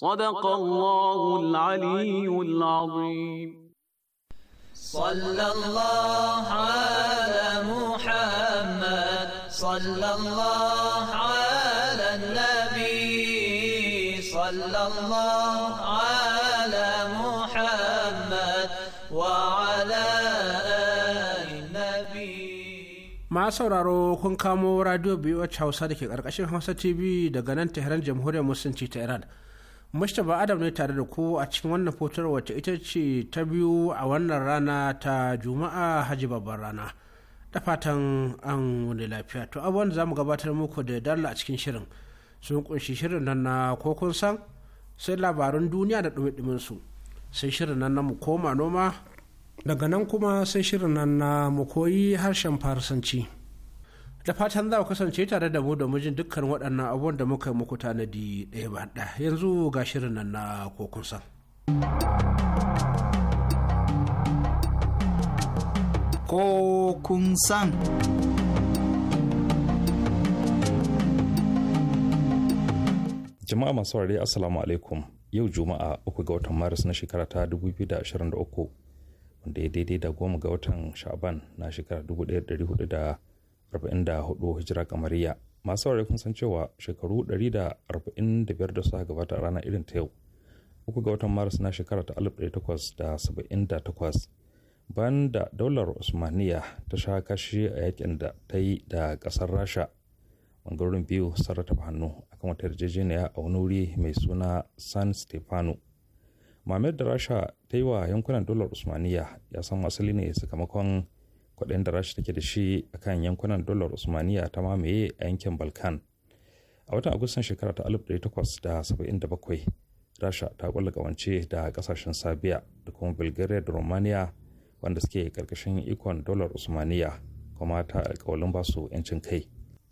صدق الله العلي العظيم صلى الله على محمد صلى الله على النبي صلى الله على محمد وعلى ma sauraro kun kamo radio biyu wacce hausa da ke karkashin hausa tv daga nan tehran jamhuriyar musulunci ta iran Mustapha Adam ne tare da ku a cikin wannan fotar wacce ita ce ta biyu a wannan rana ta Juma'a haji babban rana. Da fatan an wani lafiya. To abubuwan za mu gabatar muku da dalla a cikin shirin sun kunshi shirin nan na ko san sai labarun duniya da dumi su sai shirin nan na mu koma noma daga nan kuma sai shirin nan na mu koyi harshen farsanci. da fatan za ku kasance tare da mu domin jin dukkan waɗannan abubuwan da muka muku tanadi ɗaya ba ɗaya yanzu ga shirin nan na kokun san. san. Jama'a masu ware Assalamu alaikum yau Juma'a 3 ga watan Maris na shekara ta 2023 wanda ya daidai da goma ga watan Sha'ban na shekara 1400 44 hijira kamariya masu saurari kun san cewa shekaru 145 da suka gabata a ranar irin ta yau uku ga watan maris na shekara ta 1878 bayan da daular usmaniya ta sha kashi a yakin da ta yi da kasar rasha bangarorin biyu sarrata rataba hannu akan wata yarjejeniya a wani wuri mai suna san stefano mamayar da rasha ta yi wa yankunan dolar usmaniya ya san asali ne sakamakon kudin da rasha take da shi a kan yankunan dolar usmaniya ta mamaye a yankin balkan a watan agustan shekara ta 1877 rasha ta kulla kawance da kasashen sabiya da kuma bulgaria da romania wanda suke karkashin ikon dolar usmaniya kuma ta alkawalin basu yancin kai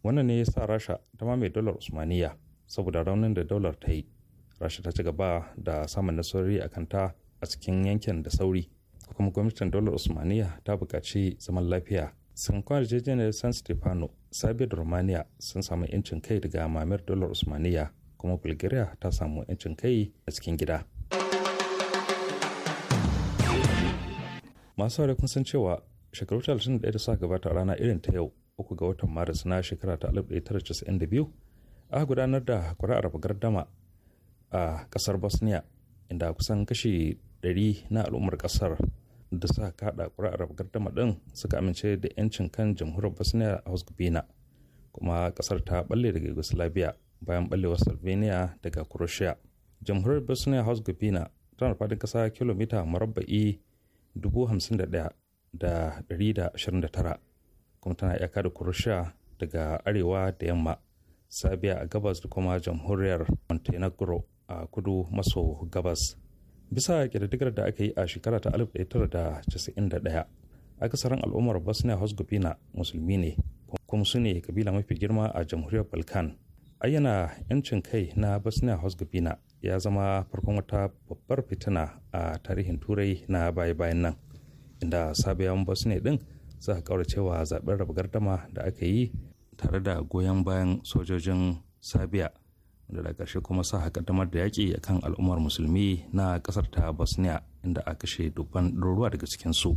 wannan ne ya sa rasha ta mamaye dolar usmaniya saboda raunin da dolar ta yi rasha ta ci gaba da samun nasarori a kanta a cikin yankin da sauri kuma gwamnatin dolar usmaniya ta bukaci zaman lafiya sankwar jejeniyar san stefano sabiyar romania sun samu yancin kai daga mamir dolar usmaniya kuma bulgaria ta samu yancin kai a cikin gida masu haure kun cewa shekaru 31 da suka gabata rana irin ta yau uku ga watan maris na shekara ta 1992 a gudanar da kuri'ar gardama a kasar bosnia inda kusan kashi 100 na al'ummar kasar da suka kada kuri'ar gardama din suka amince da 'yancin kan jamhuriyar bosnia a herzegovina kuma kasar ta balle daga yugoslavia bayan ballewar slovenia daga croatia jamhuriyar bosnia herzegovina tana faɗin kasa kilomita marabba'i 51,129 kuma tana iyaka da croatia daga arewa da yamma sabiya a gabas da kuma jamhuriyar montenegro a kudu maso gabas bisa ƙididdigar da aka yi a shekara ta 1991 akasarin al'ummar bosnia herzegovina musulmi ne kuma su ne kabila mafi girma a jamhuriyar balkan ayyana 'yancin kai na bosnia herzegovina ya zama farkon wata babbar fitina a tarihin turai na baya-bayan nan inda sabiyan bosnia din za suka cewa zaɓen rabu gardama da aka yi tare da goyon bayan sojojin sabiya da ƙarshe kuma sa ƙaddamar da yaƙi a kan al'ummar musulmi na ƙasar ta bosnia inda a kashe dubban ɗaruruwa daga cikin su.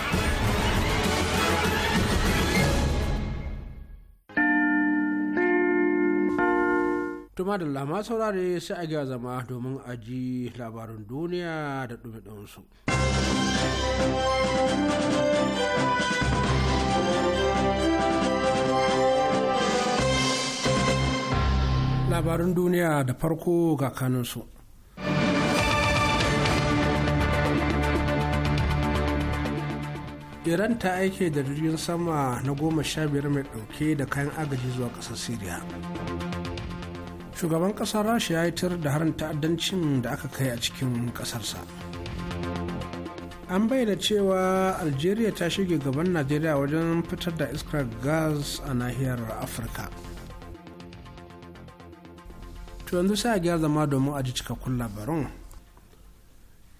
Tuma da lama saurare sai a giya zama domin a ji labarin duniya da ɗumi-ɗuminsu. Labarin duniya da farko ga kanunsu. iran ta aike da jirgin sama na goma sha biyar mai ɗauke da kayan agaji zuwa ƙasar syria shugaban ƙasar rasha ya yi yitar da harin ta'addancin da aka kai a cikin ƙasarsa an bayyana cewa algeria ta shige gaban najeriya wajen fitar da iskar gas a nahiyar afirka to yanzu sai a gyara zama domin a ji cikakkun labarun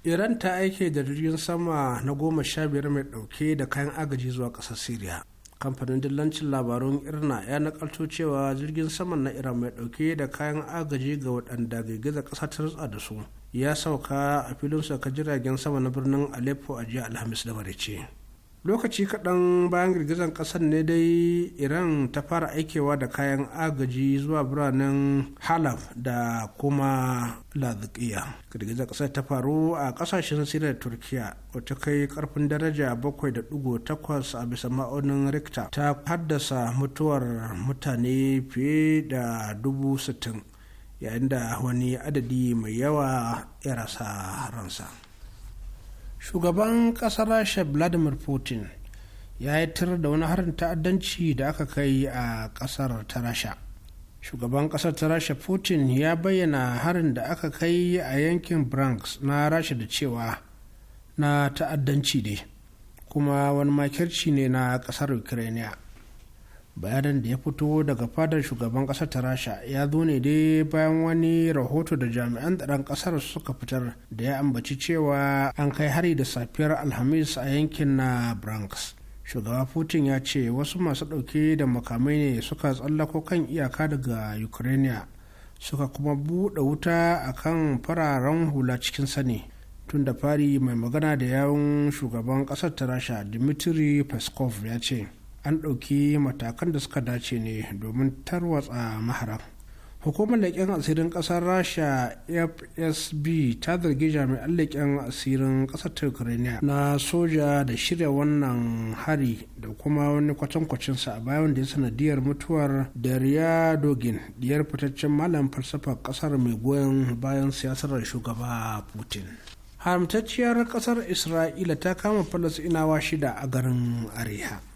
iran ta aike da jirgin sama na goma sha biyar mai dauke da kayan agaji zuwa ƙasar syria kamfanin dillancin labarun irna ya nakalto cewa jirgin saman na iran mai dauke da kayan agaji ga waɗanda girgizar ƙasa ta rutsa da su ya sauka a filin sauka jiragen sama na birnin aleppo a jiya alhamis da marice lokaci kaɗan bayan girgizar ƙasar ne dai iran ta fara aikewa da kayan agaji zuwa biranen halaf da kuma lazikiya girgizar ƙasar ta faru a ƙasashen siriya da turkiya wata kai ƙarfin daraja 7.8 a bisa ma'aunin richter ta haddasa mutuwar mutane fiye da 60,000 yayin da wani adadi mai yawa ya rasa ransa shugaban kasar rasha vladimir putin ya yi tir da wani harin ta'addanci da aka kai a kasar ta rasha shugaban kasar ta rasha putin ya bayyana harin da aka kai a yankin bronx na rasha da cewa na ta'addanci ne kuma wani makirci ne na kasar ukraine bayanan da ya fito daga fadar shugaban kasar ta rasha ya zo ne dai bayan wani rahoto da jami'an tsaron kasar suka fitar da ya ambaci cewa an kai hari da safiyar alhamis a yankin na bronx shugaba putin ya ce wasu masu ɗauke da makamai ne suka tsallako kan iyaka daga ukraine suka kuma buɗe wuta a kan fararen hula cikin sani tun da fari mai magana da yawon shugaban ƙasar ta rasha dmitry peskov ya ce an ɗauki matakan da suka dace ne domin tarwatsa mahara hukumar leƙen asirin ƙasar rasha fsb ta zargi jami'an leƙen asirin ƙasar turkireniya na soja da shirya wannan hari da kuma wani kwatankwacinsa a bayan da ya sanadiyar mutuwar darya dogin diyar fitaccen malam falsafa ƙasar mai goyon bayan siyasar shugaba putin haramtacciyar ƙasar isra'ila ta kama falasinawa shida a garin areha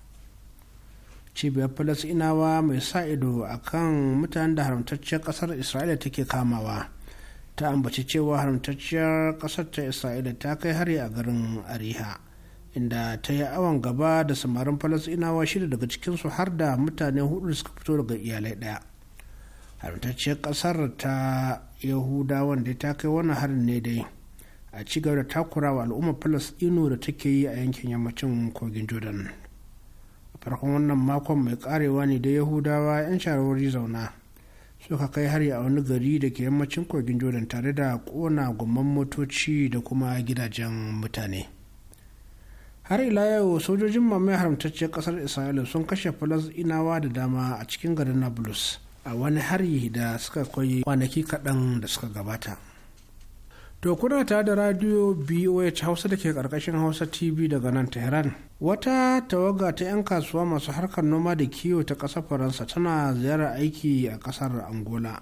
cibiyar falasinawa mai sa ido a kan mutanen da haramtacciyar kasar isra'ila take kamawa ta ambaci cewa haramtacciyar kasar ta isra'ila ta kai hari a garin ariha inda ta yi awon gaba da samarin falasinawa shida daga cikinsu har da mutane hudu suka fito daga iyalai daya haramtacciyar kasar ta Yahuda wanda ta kai wannan harin ne dai a cigaba da takurawa al'ummar falasino da take yi a yankin yammacin kogin jordan farkon wannan makon mai karewa ne da yahudawa 'yan shawarwari zauna suka kai hari a wani gari da ke yammacin kogin jordan tare da kona gumman motoci da kuma gidajen mutane har ila yau sojojin mamaye haramtacciyar kasar isra'ila sun kashe falas inawa da dama a cikin garin nablus a wani hari da suka kai kwanaki kaɗan da suka gabata To kuna ta da radio BOH Hausa da ke karkashin Hausa TV daga nan Tehran. Wata tawaga ta 'yan kasuwa masu harkar noma da kiwo ta ƙasar Faransa tana ziyarar aiki a ƙasar Angola.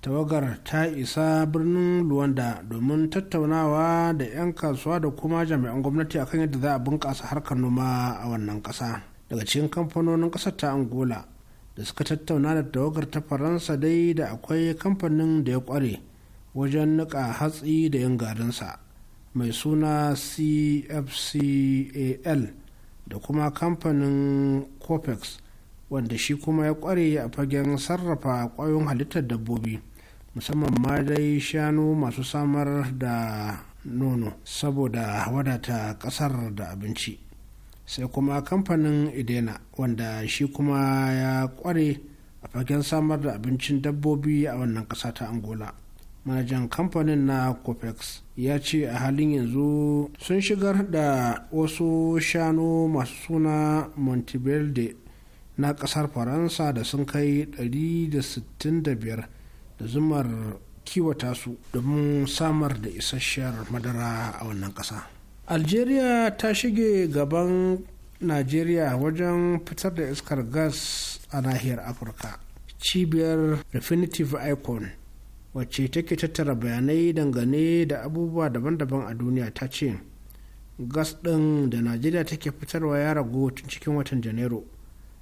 Tawagar ta isa birnin Luwanda domin tattaunawa da 'yan kasuwa da kuma jami'an gwamnati akan yadda za a bunƙasa harkar noma a wannan ƙasa. Daga cikin kamfanonin ƙasar ta Angola da suka tattauna da tawagar ta Faransa dai da akwai kamfanin da ya ƙware. wajen niƙa hatsi da yin garinsa mai suna cfcal da kuma kamfanin copex wanda shi kuma ya kware a fagen sarrafa ƙwayoyin halittar dabbobi musamman ma dai shanu masu samar da nono saboda wadata ƙasar da abinci sai kuma kamfanin idena wanda shi kuma ya kware a fagen samar da abincin dabbobi a wannan ƙasa ta angola manajan kamfanin na copex ya ce a halin yanzu sun shigar da wasu shanu masu suna monteverde na kasar faransa da sun kai 165 da zumar kiwata su domin samar da isasshiyar madara a wannan kasa algeria ta shige gaban najeriya wajen fitar da iskar gas a nahiyar afirka cibiyar definitive icon wacce take tattara bayanai dangane da abubuwa daban-daban a duniya ta ce gas ɗin da najeriya take fitarwa ya ragu tun cikin watan janairu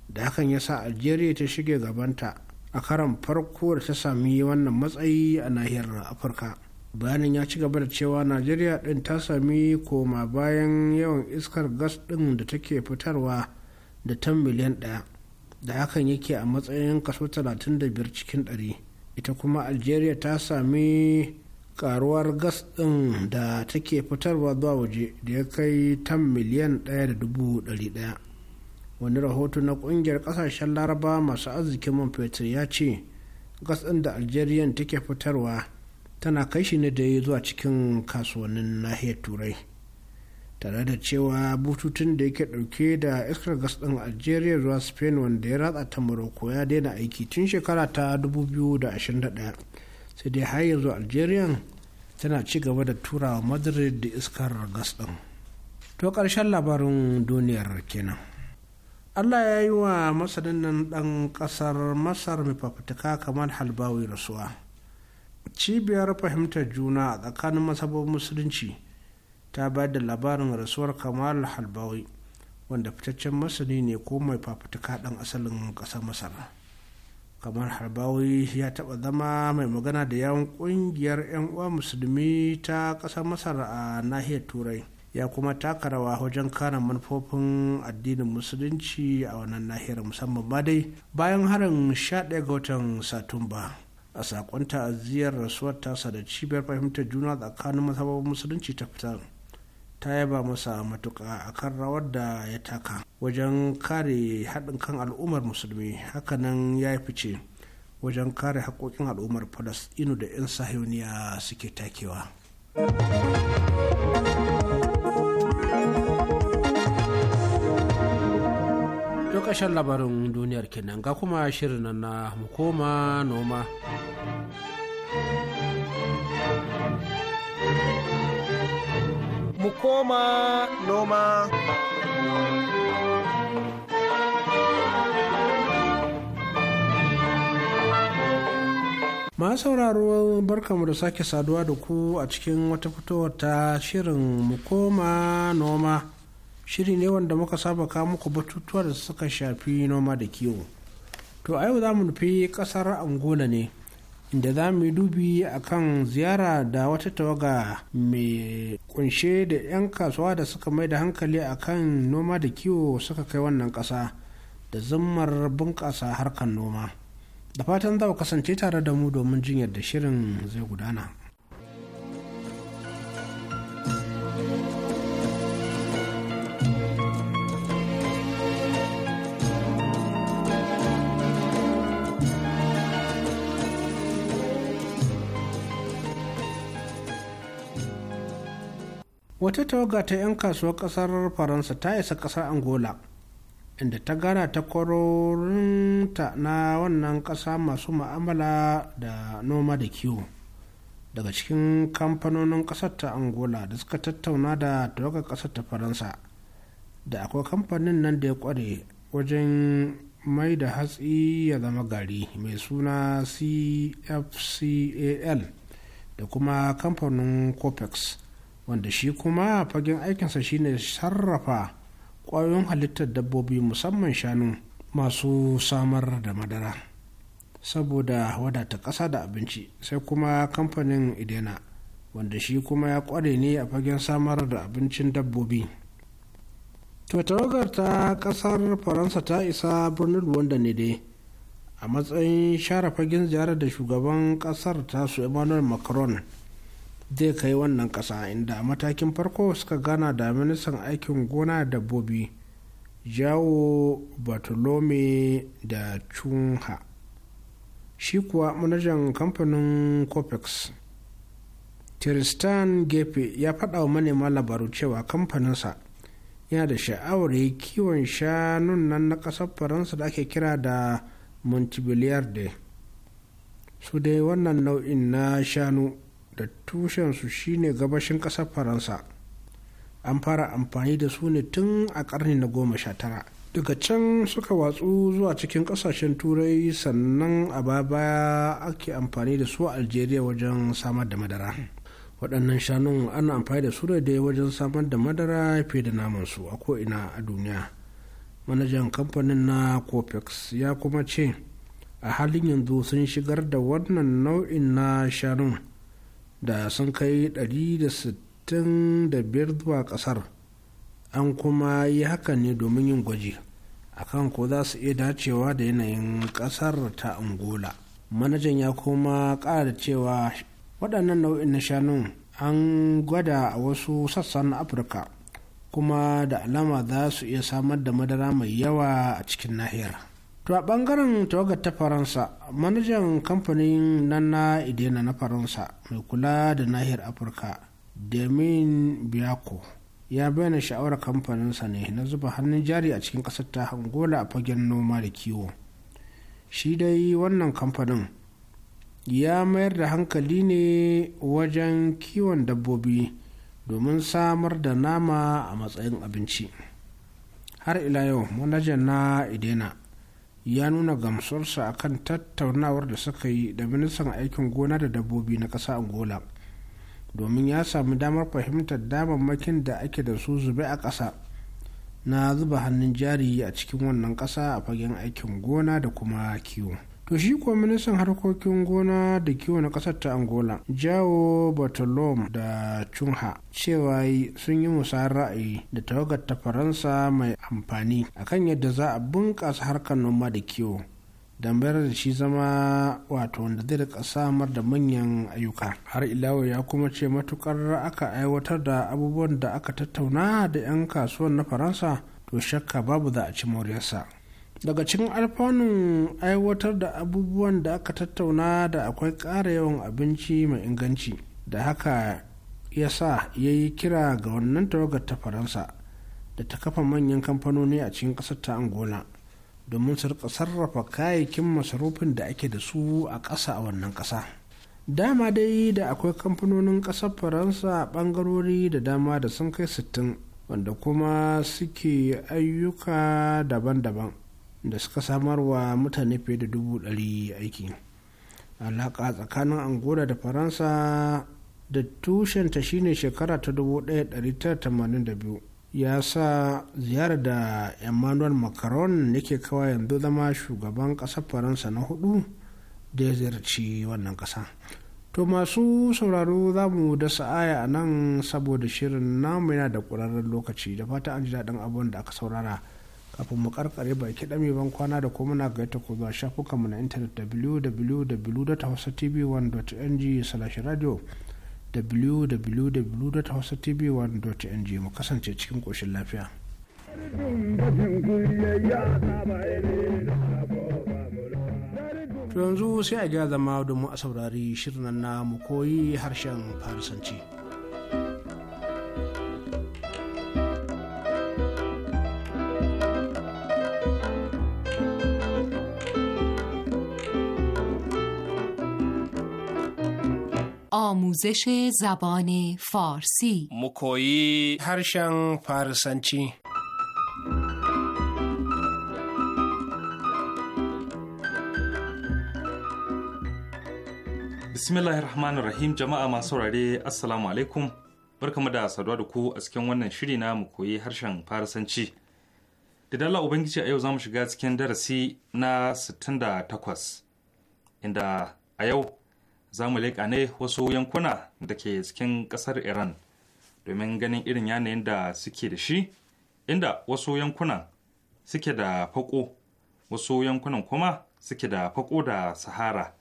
da hakan ya sa algeria ta shige gabanta a karan farko da ta sami wannan matsayi a nahiyar afirka bayanin ya ci gaba da cewa najeriya ɗin ta sami koma bayan yawan iskar gas ɗin da take fitarwa da 10 miliyan ɗaya da hakan yake a matsayin kaso 35 cikin ɗari. ita kuma algeria ta sami karuwar gas ɗin da take fitarwa zuwa waje da ya kai tan miliyan 1.1 wani rahoto na ƙungiyar ƙasashen laraba masu arzikin man fetur ya ce gas ɗin da algeria take fitarwa tana kai shi ne da zuwa cikin kasuwannin nahiyar turai tare da cewa bututun da yake dauke da iskar gas din algeria zuwa spain wanda ya ratsa ta morocco ya daina aiki tun shekara ta 2021 sai dai har yanzu algeria tana ci gaba da turawa madrid da iskar gas din to karshen labarin duniyar kenan allah ya yi wa masanin nan dan kasar masar mai fafutuka kamar halbawi rasuwa cibiyar fahimtar juna a tsakanin masabon musulunci ta bayar da labarin rasuwar kamal halbawi wanda fitaccen masani ne ko mai fafutuka ɗan asalin ƙasar masar kamar harbawi ya taɓa zama mai magana da yawon ƙungiyar 'yan uwa musulmi ta ƙasar masar a nahiyar turai ya kuma taka rawa wajen kare manufofin addinin musulunci a wannan nahiyar musamman ma dai bayan harin 11 ga watan satumba a sakon ta'aziyar rasuwar tasa da cibiyar fahimtar juna tsakanin masababin musulunci ta fitar ta yaba masa matuƙa akan rawar da ya taka wajen kare haɗin kan al'ummar musulmi hakanan ya fice wajen kare haƙoƙin al'ummar inu da 'yan sahiyoniya suke takewa ƙarshen labarin duniyar kenan ga kuma shirin na koma noma. mu koma noma. masu sauraro barkamu da sake saduwa da ku a cikin wata fitowar ta shirin mu koma noma shiri ne wanda muka saba kawo muku batutuwa da suka shafi noma da kiwo to a yau za mu nufi kasar angola ne inda za mu yi dubi a kan ziyara da wata tawaga mai kunshe da 'yan kasuwa da suka mai da hankali a kan noma da kiwo suka kai wannan ƙasa da zammar bunƙasa harkar noma da fatan za kasance tare da mu domin jin yadda shirin zai gudana wata tawaga ta 'yan kasuwar kasar faransa ta isa kasar angola inda ta gana ta kwarorinta na wannan kasa masu ma'amala da noma da kiwo daga cikin kamfanonin kasar ta angola da suka tattauna da tawagar kasar ta faransa da akwai kamfanin nan da ya kware wajen mai da hatsi ya zama gari mai suna cfcal da kuma kamfanin copex wanda shi kuma fagen aikinsa shine sarrafa ƙwayoyin halittar dabbobi musamman shanu masu samar da madara saboda wadata ƙasa da abinci sai kuma kamfanin idena wanda shi kuma ya ƙware ne a fagen samar da abincin dabbobi to tawagar ta ƙasar faransa ta isa birnin wanda ne dai a matsayin share fagen ziyarar da shugaban ƙasar su emmanuel macron zai kai wannan ƙasa inda matakin farko suka gana da ministan aikin gona da dabbobi jawo bartolome da cunha shi kuwa manajan kamfanin copex tristan gefe ya faɗa wa manema labaru cewa kamfaninsa yana da sha'awar ya kiwon shanun nan na ƙasar faransa da ake kira da montpellier su dai wannan nau'in na shanu da tushensu shine gabashin ƙasar faransa an fara amfani da su ne tun a ƙarni na goma sha tara daga can suka watsu zuwa cikin ƙasashen turai sannan a baya ake amfani da su a algeria wajen samar da madara waɗannan shanun ana amfani da su da wajen samar da madara fiye da namansu a ko'ina a duniya manajan kamfanin na copex ya kuma ce a halin yanzu sun shigar da wannan nau'in na shanun da sun kai 165 zuwa kasar an kuma yi haka ne domin yin gwaji akan ko za su iya dacewa da yanayin kasar ta angola manajan ya kuma ƙara da cewa waɗannan nau'in na shanun an gwada a wasu sassan afirka kuma da alama za su iya samar da madara mai yawa a cikin nahiyar to a bangaren tawagar ta faransa manajan kamfanin nan na idena na faransa mai kula da nahiyar afirka demin Biako, ya bayyana sha'awar kamfaninsa ne na zuba hannun jari a cikin ƙasar ta angola a fagen noma da kiwo shi dai wannan kamfanin ya mayar da hankali ne wajen kiwon dabbobi domin samar da nama a matsayin abinci har ila yau manajan na idena ya nuna gamsuwarsa akan tattaunawar da suka yi da ministan aikin gona da dabbobi na ƙasa angola domin ya sami damar fahimtar damammakin da ake da su zube a ƙasa na zuba hannun jari a cikin wannan ƙasa a fagen aikin gona da kuma kiwo. to shi kuwa ministan harkokin gona da kiwo na kasar ta angola jawo Bartolome da cunha cewa sun yi musayar ra'ayi da tawagar ta faransa mai amfani akan yadda za a bunƙasa harkar noma da kiwo dambayar da shi zama wato wanda zai rika samar da manyan ayyuka har ilawa ya kuma ce matukar aka aiwatar da abubuwan da aka tattauna da 'yan kasuwan na faransa to shakka babu za a ci moriyarsa daga cikin alfanun aiwatar da abubuwan da aka tattauna da akwai ƙara yawan abinci mai inganci da haka ya sa ya yi kira ga wannan tawagar ta faransa da ta kafa manyan kamfanoni a cikin ƙasar ta angola domin su rika sarrafa kayayyakin masarufin da ake da su a ƙasa a wannan ƙasa dama dai da akwai kamfanonin ƙasar faransa ɓangarori da dama da sun kai sittin wanda kuma suke ayyuka daban-daban da suka samar wa mutane fiye da dubu ɗari aiki alaƙa tsakanin angola da faransa da tushenta shine shekara ta 1982 ya sa ziyarar da emmanuel macron yake kawai yanzu zama shugaban ƙasar faransa na hudu da ya ziyarci wannan ƙasa to masu sauraro za mu da sa'aya a nan saboda shirin namu yana da ƙwararren lokaci da fata an ji daɗin abin da aka saurara kafin mu karkare baki dame ban kwana da kuma na gaita ko shafukan mu na intanet www.hausatv1.ng slash radio www.hausatv1.ng mu kasance cikin koshin lafiya. To yanzu sai a ga zama domin a saurari shirin na mu koyi harshen Farisanci. آموزش زبان فارسی مکویی هرشن فارسنچی bismillahir rahmanir rahim jama'a masu rare asalamu alaikum barkamu da saduwa da ku a cikin wannan shiri na mu koyi harshen farisanci da dala ubangiji a yau za mu shiga cikin darasi na 68 inda a yau za mu leƙa ne wasu yankuna da ke cikin ƙasar iran domin ganin irin yanayin da suke da shi inda wasu yankunan suke da fako wasu yankunan kuma suke da fako da sahara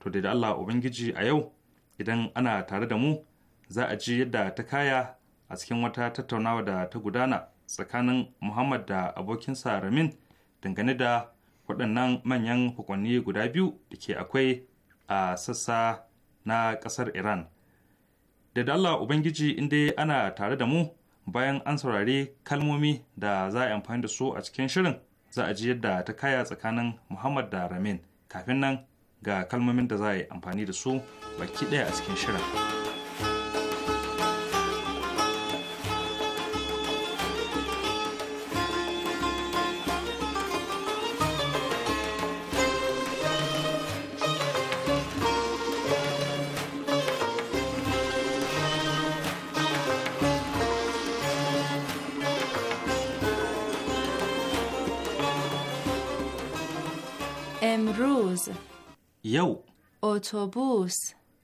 to da allah ubangiji a yau idan ana tare da mu za a ji yadda ta kaya a cikin wata tattaunawa da ta gudana tsakanin muhammad da abokinsa ramin dangane da waɗannan manyan hukunni guda biyu da ke akwai a sassa na ƙasar Iran. Da Allah Ubangiji inda ana tare da mu bayan an saurari kalmomi da za a amfani da su a cikin shirin za a ji yadda ta kaya tsakanin Muhammad da Ramin kafin nan ga kalmomin da za a yi amfani da su baki ɗaya a cikin shirin. روز یو اتوبوس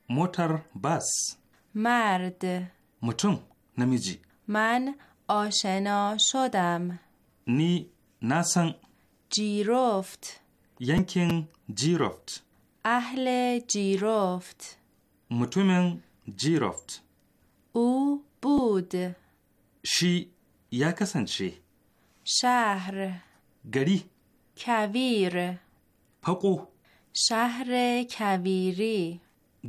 موتر بس مرد متون نمیجی من آشنا شدم نی ناسن، جیرفت ینکن جیرفت اهل جیرفت متومن جیرفت او بود شی یا شی شهر گری کویر فقو شهر کویری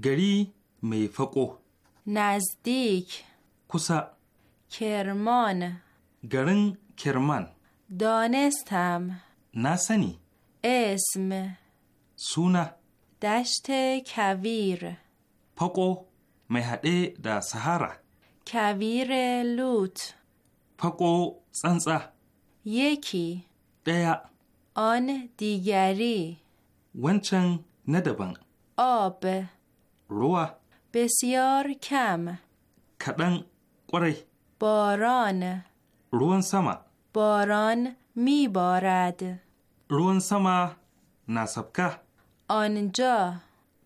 گری می فقو نزدیک کسا کرمان گرن کرمان دانستم نسنی اسم سونا دشت کویر فقو مهده دا سهارا کویر لوت فقو سنسا یکی دیا آن دیگری ونچن ندبن آب روا بسیار کم کدن قره باران روان سما باران میبارد روان سما نسبکه آنجا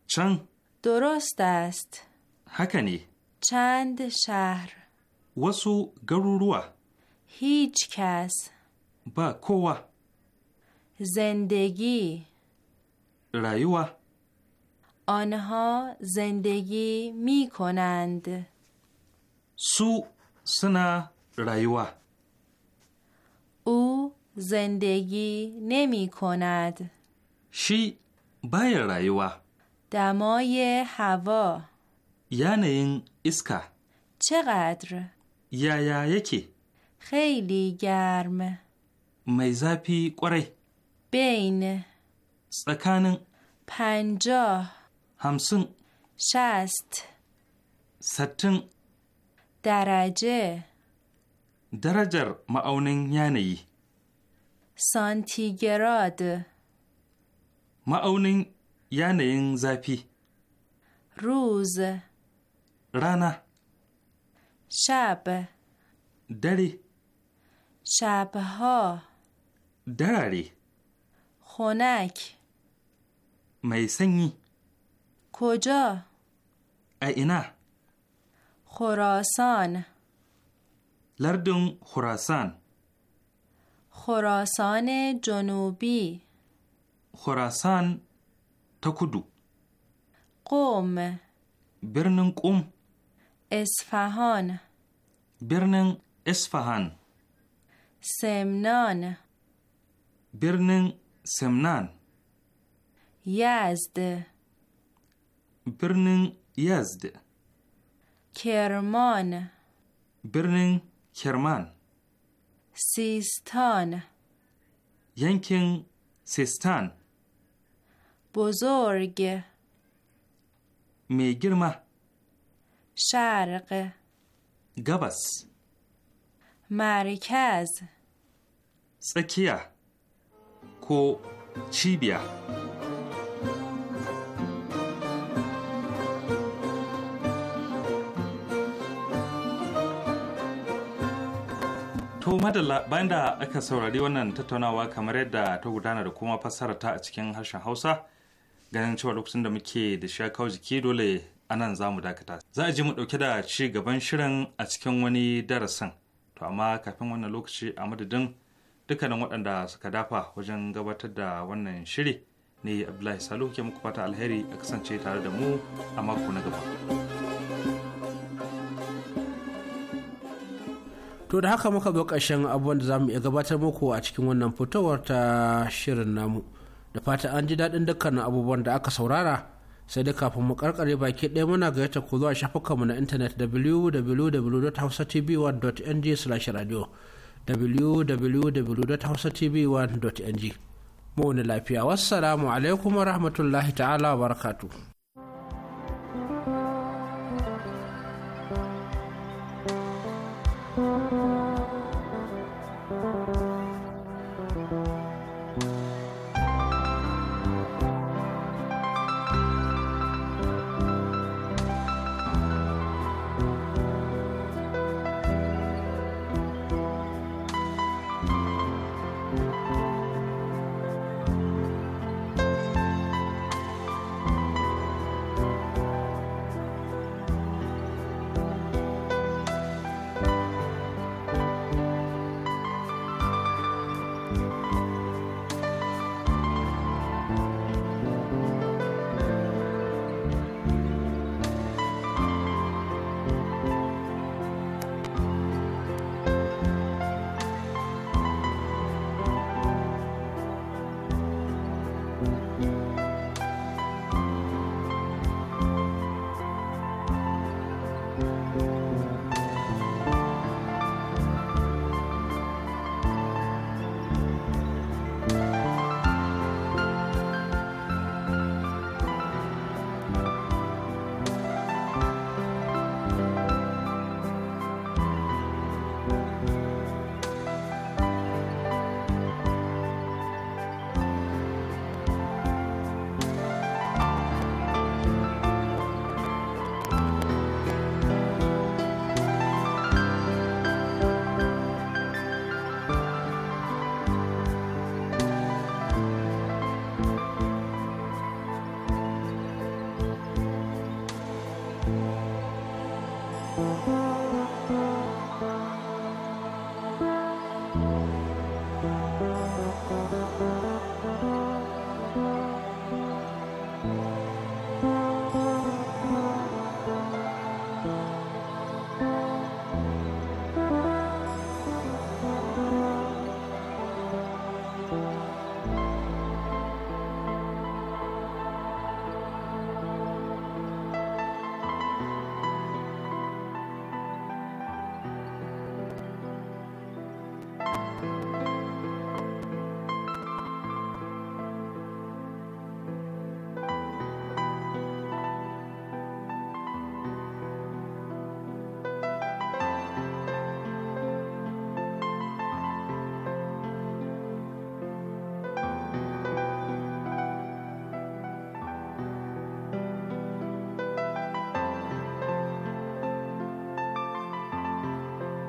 چنگ درست است هکنی چند شهر وسو گروروا هیچ کس با کوه زندگی رایوه آنها زندگی می کنند سو سنا رایوه او زندگی نمی کند شی بای رایوه دمای هوا یعنی این اسکا چقدر؟ یا یا یکی خیلی گرم میزاپی قره بین سکانن پنجاه همسن شست ستن درجه درجر اونن یعنی سانتیگراد اونن یعنی زفی روز رانا شب دری شبها دری خونک mai sanyi. Koja? A ina? Khurasan. Lardin Khurasan. Khurasan janubi. Khurasan ta kudu. Qum. Birnin Qum. Isfahan. Birnin Isfahan. Semnan. Birnin Semnan. یزد برنن یزد کرمان برنن کرمان سیستان ینکن سیستان بزرگ میگرمه شرق گبس مرکز سکیه کو چیبیه To madalla bayan da aka saurari wannan tattaunawa kamar yadda ta gudana da kuma fassara ta a cikin harshen Hausa ganin cewa lokacin da muke da shi kawo jiki dole anan za mu dakata. Za a ji mu dauke da ci gaban shirin a cikin wani darasin. To amma kafin wannan lokaci a madadin dukkanin waɗanda suka dafa wajen gabatar da wannan shiri ne Abdullahi Salihu ke muku fata alheri a kasance tare da mu a mako na gaba. to da haka muka zo ƙarshen abubuwan da za mu iya gabatar muku a cikin wannan fitowar ta shirin namu da fata an ji daɗin dukkanin abubuwan da aka saurara sai da kafin mu karkare baki ɗaya muna gayyata ku zuwa shafukanmu na intanet www.hausatv1.ng/radio www.hausatv1.ng mu wani lafiya wassalamu alaikum wa rahmatullahi ta'ala wa barakatuh